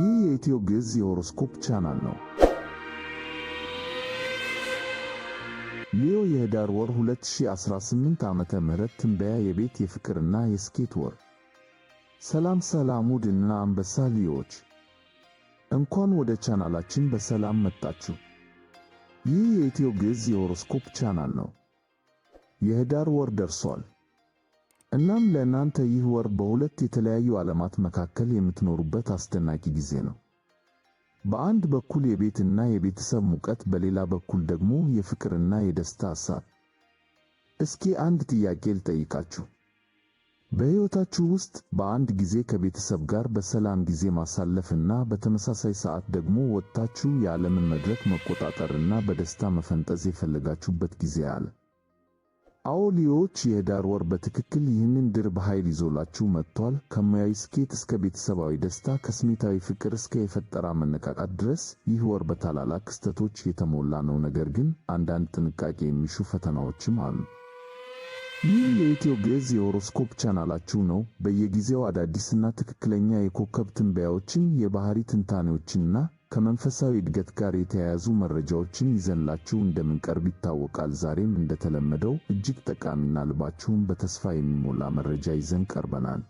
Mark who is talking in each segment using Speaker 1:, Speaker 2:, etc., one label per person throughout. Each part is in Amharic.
Speaker 1: ይህ የኢትዮ ግዕዝ የሆሮስኮፕ ቻናል ነው። ሊዮ የህዳር ወር 2018 ዓመተ ምህረት ትንበያ የቤት የፍቅርና የስኬት ወር። ሰላም ሰላም ውድና አንበሳ ሊዮዎች እንኳን ወደ ቻናላችን በሰላም መጣችሁ። ይህ የኢትዮ ግዕዝ የሆሮስኮፕ ቻናል ነው። የህዳር ወር ደርሷል። እናም ለእናንተ ይህ ወር በሁለት የተለያዩ ዓለማት መካከል የምትኖሩበት አስደናቂ ጊዜ ነው። በአንድ በኩል የቤትና የቤተሰብ ሙቀት፣ በሌላ በኩል ደግሞ የፍቅርና የደስታ ሐሳብ። እስኪ አንድ ጥያቄ ልጠይቃችሁ። በሕይወታችሁ ውስጥ በአንድ ጊዜ ከቤተሰብ ጋር በሰላም ጊዜ ማሳለፍና በተመሳሳይ ሰዓት ደግሞ ወጥታችሁ የዓለምን መድረክ መቆጣጠርና በደስታ መፈንጠዝ የፈለጋችሁበት ጊዜ አለ? አዎሊዎች የህዳር ወር በትክክል ይህንን ድርብ ኃይል ይዞላችሁ መጥቷል። ከሙያዊ ስኬት እስከ ቤተሰባዊ ደስታ፣ ከስሜታዊ ፍቅር እስከ የፈጠራ መነቃቃት ድረስ ይህ ወር በታላላቅ ክስተቶች የተሞላ ነው። ነገር ግን አንዳንድ ጥንቃቄ የሚሹ ፈተናዎችም አሉ። ይህ የኢትዮ ግዕዝ የሆሮስኮፕ ቻናላችሁ ነው። በየጊዜው አዳዲስና ትክክለኛ የኮከብ ትንበያዎችን፣ የባህሪ ትንታኔዎችንና ከመንፈሳዊ እድገት ጋር የተያያዙ መረጃዎችን ይዘንላችሁ እንደምንቀርብ ይታወቃል። ዛሬም እንደተለመደው እጅግ ጠቃሚና ልባችሁን በተስፋ የሚሞላ መረጃ ይዘን ቀርበናል።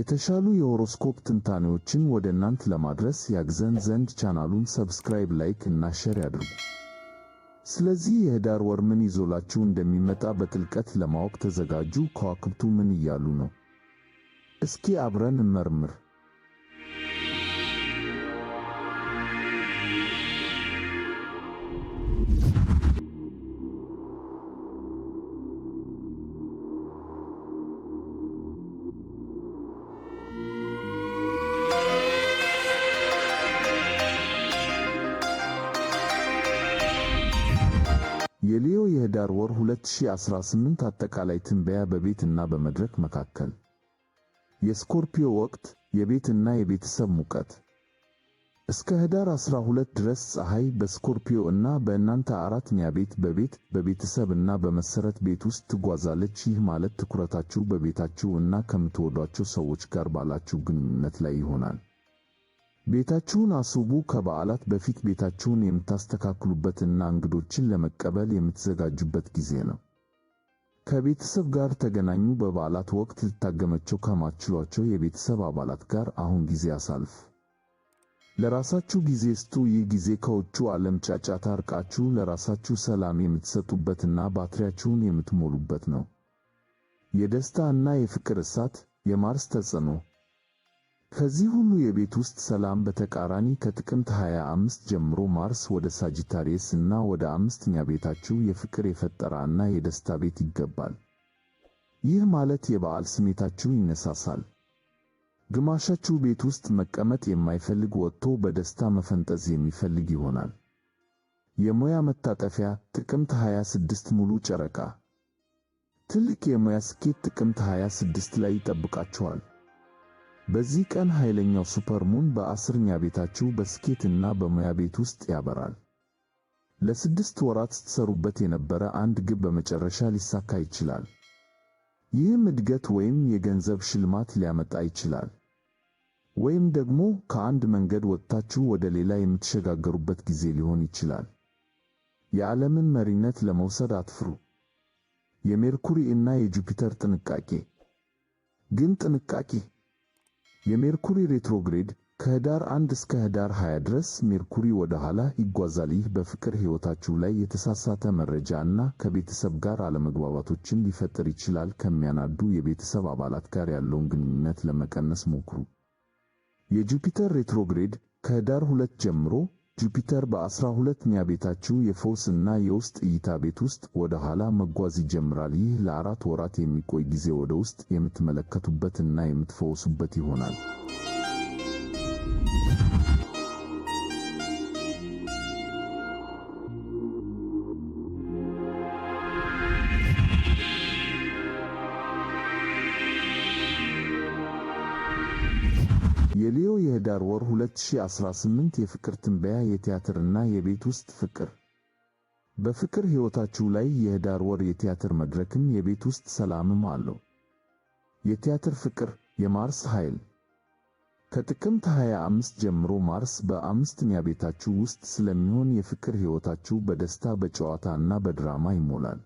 Speaker 1: የተሻሉ የሆሮስኮፕ ትንታኔዎችን ወደ እናንት ለማድረስ ያግዘን ዘንድ ቻናሉን ሰብስክራይብ፣ ላይክ እና ሼር ያድርጉ። ስለዚህ የህዳር ወር ምን ይዞላችሁ እንደሚመጣ በጥልቀት ለማወቅ ተዘጋጁ። ከዋክብቱ ምን እያሉ ነው? እስኪ አብረን እንመርምር። የህዳር ወር 2018 አጠቃላይ ትንበያ በቤት እና በመድረክ መካከል የስኮርፒዮ ወቅት የቤት እና የቤተሰብ ሙቀት እስከ ህዳር 12 ድረስ ፀሐይ በስኮርፒዮ እና በእናንተ አራተኛ ቤት በቤት በቤተሰብ እና በመሰረት ቤት ውስጥ ትጓዛለች። ይህ ማለት ትኩረታችሁ በቤታችሁ እና ከምትወዷቸው ሰዎች ጋር ባላችሁ ግንኙነት ላይ ይሆናል። ቤታችሁን አስቡ። ከበዓላት በፊት ቤታችሁን የምታስተካክሉበትና እንግዶችን ለመቀበል የምትዘጋጁበት ጊዜ ነው። ከቤተሰብ ጋር ተገናኙ። በበዓላት ወቅት ልታገመቸው ከማትችሏቸው የቤተሰብ አባላት ጋር አሁን ጊዜ አሳልፍ። ለራሳችሁ ጊዜ ስጡ። ይህ ጊዜ ከውጭው ዓለም ጫጫታ አርቃችሁ ለራሳችሁ ሰላም የምትሰጡበትና ባትሪያችሁን የምትሞሉበት ነው። የደስታ እና የፍቅር እሳት የማርስ ተጽዕኖ ከዚህ ሁሉ የቤት ውስጥ ሰላም በተቃራኒ ከጥቅምት 25 ጀምሮ ማርስ ወደ ሳጂታሪየስ እና ወደ አምስተኛ ቤታችሁ የፍቅር የፈጠራ እና የደስታ ቤት ይገባል። ይህ ማለት የበዓል ስሜታችሁ ይነሳሳል። ግማሻችሁ ቤት ውስጥ መቀመጥ የማይፈልግ ወጥቶ በደስታ መፈንጠዝ የሚፈልግ ይሆናል። የሙያ መታጠፊያ ጥቅምት 26 ሙሉ ጨረቃ። ትልቅ የሙያ ስኬት ጥቅምት 26 ላይ ይጠብቃችኋል። በዚህ ቀን ኃይለኛው ሱፐርሙን በአስርኛ ቤታችሁ በስኬትና በሙያ ቤት ውስጥ ያበራል። ለስድስት ወራት ስትሰሩበት የነበረ አንድ ግብ በመጨረሻ ሊሳካ ይችላል። ይህም እድገት ወይም የገንዘብ ሽልማት ሊያመጣ ይችላል። ወይም ደግሞ ከአንድ መንገድ ወጥታችሁ ወደ ሌላ የምትሸጋገሩበት ጊዜ ሊሆን ይችላል። የዓለምን መሪነት ለመውሰድ አትፍሩ። የሜርኩሪ እና የጁፒተር ጥንቃቄ ግን ጥንቃቄ የሜርኩሪ ሬትሮግሬድ ከህዳር 1 እስከ ህዳር 20 ድረስ ሜርኩሪ ወደ ኋላ ይጓዛል። ይህ በፍቅር ህይወታችሁ ላይ የተሳሳተ መረጃ እና ከቤተሰብ ጋር አለመግባባቶችን ሊፈጥር ይችላል። ከሚያናዱ የቤተሰብ አባላት ጋር ያለውን ግንኙነት ለመቀነስ ሞክሩ። የጁፒተር ሬትሮግሬድ ከህዳር 2 ጀምሮ ጁፒተር በ12ኛ ቤታችሁ የፈውስ እና የውስጥ እይታ ቤት ውስጥ ወደ ኋላ መጓዝ ይጀምራል። ይህ ለአራት ወራት የሚቆይ ጊዜ ወደ ውስጥ የምትመለከቱበት እና የምትፈወሱበት ይሆናል። የሊዮ የህዳር ወር 2018 የፍቅር ትንበያ የቲያትርና የቤት ውስጥ ፍቅር በፍቅር ሕይወታችሁ ላይ የህዳር ወር የቲያትር መድረክም የቤት ውስጥ ሰላምም አለው። የቲያትር ፍቅር የማርስ ኃይል ከጥቅምት 25 ጀምሮ ማርስ በአምስተኛ ቤታችሁ ውስጥ ስለሚሆን የፍቅር ሕይወታችሁ በደስታ በጨዋታ እና በድራማ ይሞላል።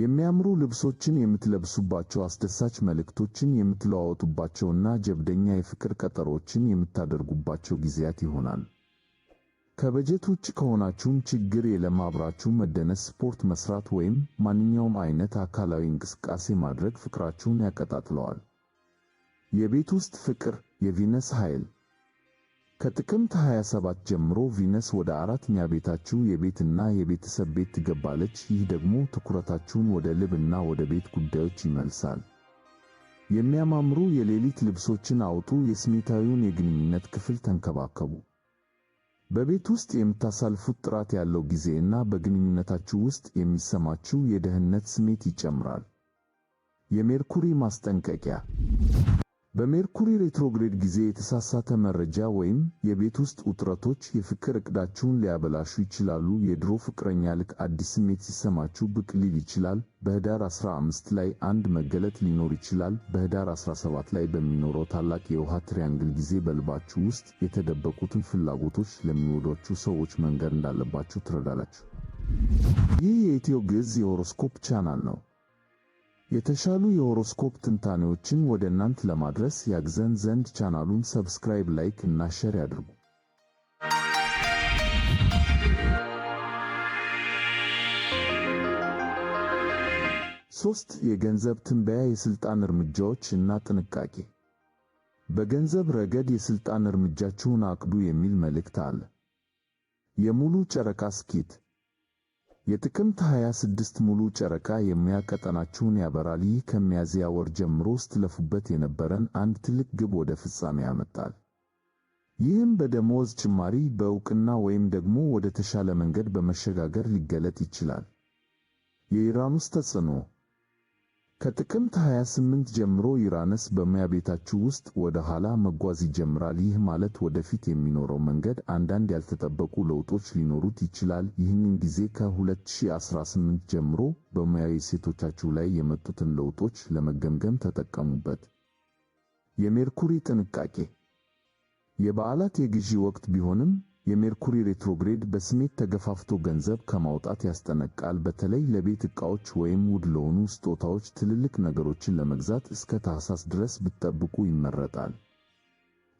Speaker 1: የሚያምሩ ልብሶችን የምትለብሱባቸው፣ አስደሳች መልእክቶችን የምትለዋወጡባቸውና ጀብደኛ የፍቅር ቀጠሮችን የምታደርጉባቸው ጊዜያት ይሆናል። ከበጀት ውጭ ከሆናችሁም ችግር የለም። አብራችሁ መደነስ፣ ስፖርት መስራት ወይም ማንኛውም አይነት አካላዊ እንቅስቃሴ ማድረግ ፍቅራችሁን ያቀጣጥለዋል። የቤት ውስጥ ፍቅር የቪነስ ኃይል ከጥቅምት 27 ጀምሮ ቪነስ ወደ አራተኛ ቤታችሁ የቤትና የቤተሰብ ቤት ትገባለች። ይህ ደግሞ ትኩረታችሁን ወደ ልብ እና ወደ ቤት ጉዳዮች ይመልሳል። የሚያማምሩ የሌሊት ልብሶችን አውጡ። የስሜታዊውን የግንኙነት ክፍል ተንከባከቡ። በቤት ውስጥ የምታሳልፉት ጥራት ያለው ጊዜ እና በግንኙነታችሁ ውስጥ የሚሰማችሁ የደህንነት ስሜት ይጨምራል። የሜርኩሪ ማስጠንቀቂያ በሜርኩሪ ሬትሮግሬድ ጊዜ የተሳሳተ መረጃ ወይም የቤት ውስጥ ውጥረቶች የፍቅር ዕቅዳችሁን ሊያበላሹ ይችላሉ። የድሮ ፍቅረኛ ልክ አዲስ ስሜት ሲሰማችሁ ብቅ ሊል ይችላል። በህዳር 15 ላይ አንድ መገለጥ ሊኖር ይችላል። በህዳር 17 ላይ በሚኖረው ታላቅ የውሃ ትሪያንግል ጊዜ በልባችሁ ውስጥ የተደበቁትን ፍላጎቶች ለሚወዷችሁ ሰዎች መንገድ እንዳለባችሁ ትረዳላችሁ። ይህ የኢትዮ ግዕዝ የሆሮስኮፕ ቻናል ነው። የተሻሉ የሆሮስኮፕ ትንታኔዎችን ወደ እናንት ለማድረስ ያግዘን ዘንድ ቻናሉን ሰብስክራይብ፣ ላይክ እና ሼር ያድርጉ። ሶስት የገንዘብ ትንበያ የሥልጣን እርምጃዎች እና ጥንቃቄ። በገንዘብ ረገድ የሥልጣን እርምጃችሁን አቅዱ የሚል መልእክት አለ። የሙሉ ጨረቃ ስኬት የጥቅምት 26 ሙሉ ጨረቃ የሚያቀጠናችሁን ያበራል። ይህ ከሚያዝያ ወር ጀምሮ ስትለፉበት የነበረን አንድ ትልቅ ግብ ወደ ፍጻሜ ያመጣል። ይህም በደሞዝ ጭማሪ፣ በእውቅና ወይም ደግሞ ወደ ተሻለ መንገድ በመሸጋገር ሊገለጥ ይችላል። የኢራኑስ ተጽዕኖ ከጥቅምት 28 ጀምሮ ዩራነስ በማያ ቤታችሁ ውስጥ ወደ ኋላ መጓዝ ይጀምራል። ይህ ማለት ወደፊት የሚኖረው መንገድ አንዳንድ ያልተጠበቁ ለውጦች ሊኖሩት ይችላል። ይህንን ጊዜ ከ2018 ጀምሮ በማያ እሴቶቻችሁ ላይ የመጡትን ለውጦች ለመገምገም ተጠቀሙበት። የሜርኩሪ ጥንቃቄ የበዓላት የግዢ ወቅት ቢሆንም የሜርኩሪ ሬትሮግሬድ በስሜት ተገፋፍቶ ገንዘብ ከማውጣት ያስጠነቃል። በተለይ ለቤት ዕቃዎች ወይም ውድ ለሆኑ ስጦታዎች ትልልቅ ነገሮችን ለመግዛት እስከ ታህሳስ ድረስ ብትጠብቁ ይመረጣል።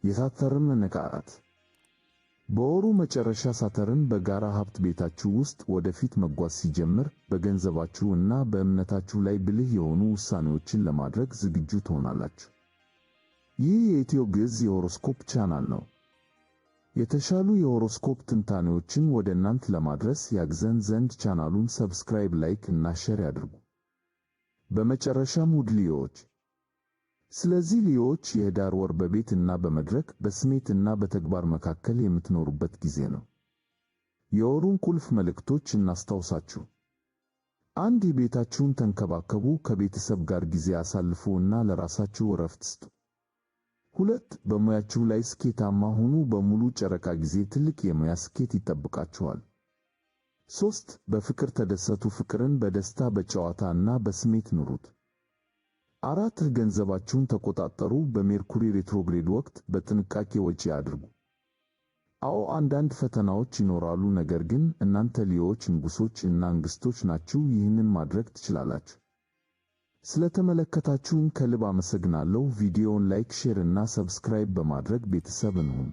Speaker 1: የሳተርን መነቃቃት በወሩ መጨረሻ ሳተርን በጋራ ሀብት ቤታችሁ ውስጥ ወደፊት መጓዝ ሲጀምር በገንዘባችሁ እና በእምነታችሁ ላይ ብልህ የሆኑ ውሳኔዎችን ለማድረግ ዝግጁ ትሆናላችሁ። ይህ የኢትዮ ግዕዝ የሆሮስኮፕ ቻናል ነው። የተሻሉ የሆሮስኮፕ ትንታኔዎችን ወደ እናንት ለማድረስ ያግዘን ዘንድ ቻናሉን ሰብስክራይብ፣ ላይክ እና ሼር ያድርጉ። በመጨረሻም ውድ ሊዮዎች፣ ስለዚህ ሊዮዎች የህዳር ወር በቤት እና በመድረክ በስሜት እና በተግባር መካከል የምትኖሩበት ጊዜ ነው። የወሩን ቁልፍ መልእክቶች እናስታውሳችሁ። አንድ የቤታችሁን ተንከባከቡ፣ ከቤተሰብ ጋር ጊዜ አሳልፉ እና ለራሳችሁ እረፍት ስጡ። ሁለት በሙያችሁ ላይ ስኬታማ ሁኑ። በሙሉ ጨረቃ ጊዜ ትልቅ የሙያ ስኬት ይጠብቃችኋል። ሶስት በፍቅር ተደሰቱ። ፍቅርን በደስታ በጨዋታ እና በስሜት ኑሩት። አራት ገንዘባችሁን ተቆጣጠሩ። በሜርኩሪ ሬትሮግሬድ ወቅት በጥንቃቄ ወጪ አድርጉ። አዎ አንዳንድ ፈተናዎች ይኖራሉ፣ ነገር ግን እናንተ ሊዮች ንጉሶች እና አንግስቶች ናችሁ። ይህንን ማድረግ ትችላላችሁ። ስለተመለከታችሁን ከልብ አመሰግናለሁ። ቪዲዮውን ላይክ፣ ሼር እና ሰብስክራይብ በማድረግ ቤተሰብ እንሁን።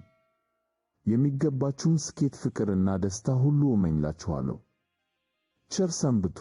Speaker 1: የሚገባችሁን ስኬት፣ ፍቅር እና ደስታ ሁሉ እመኝላችኋለሁ። ቸር ሰንብቱ።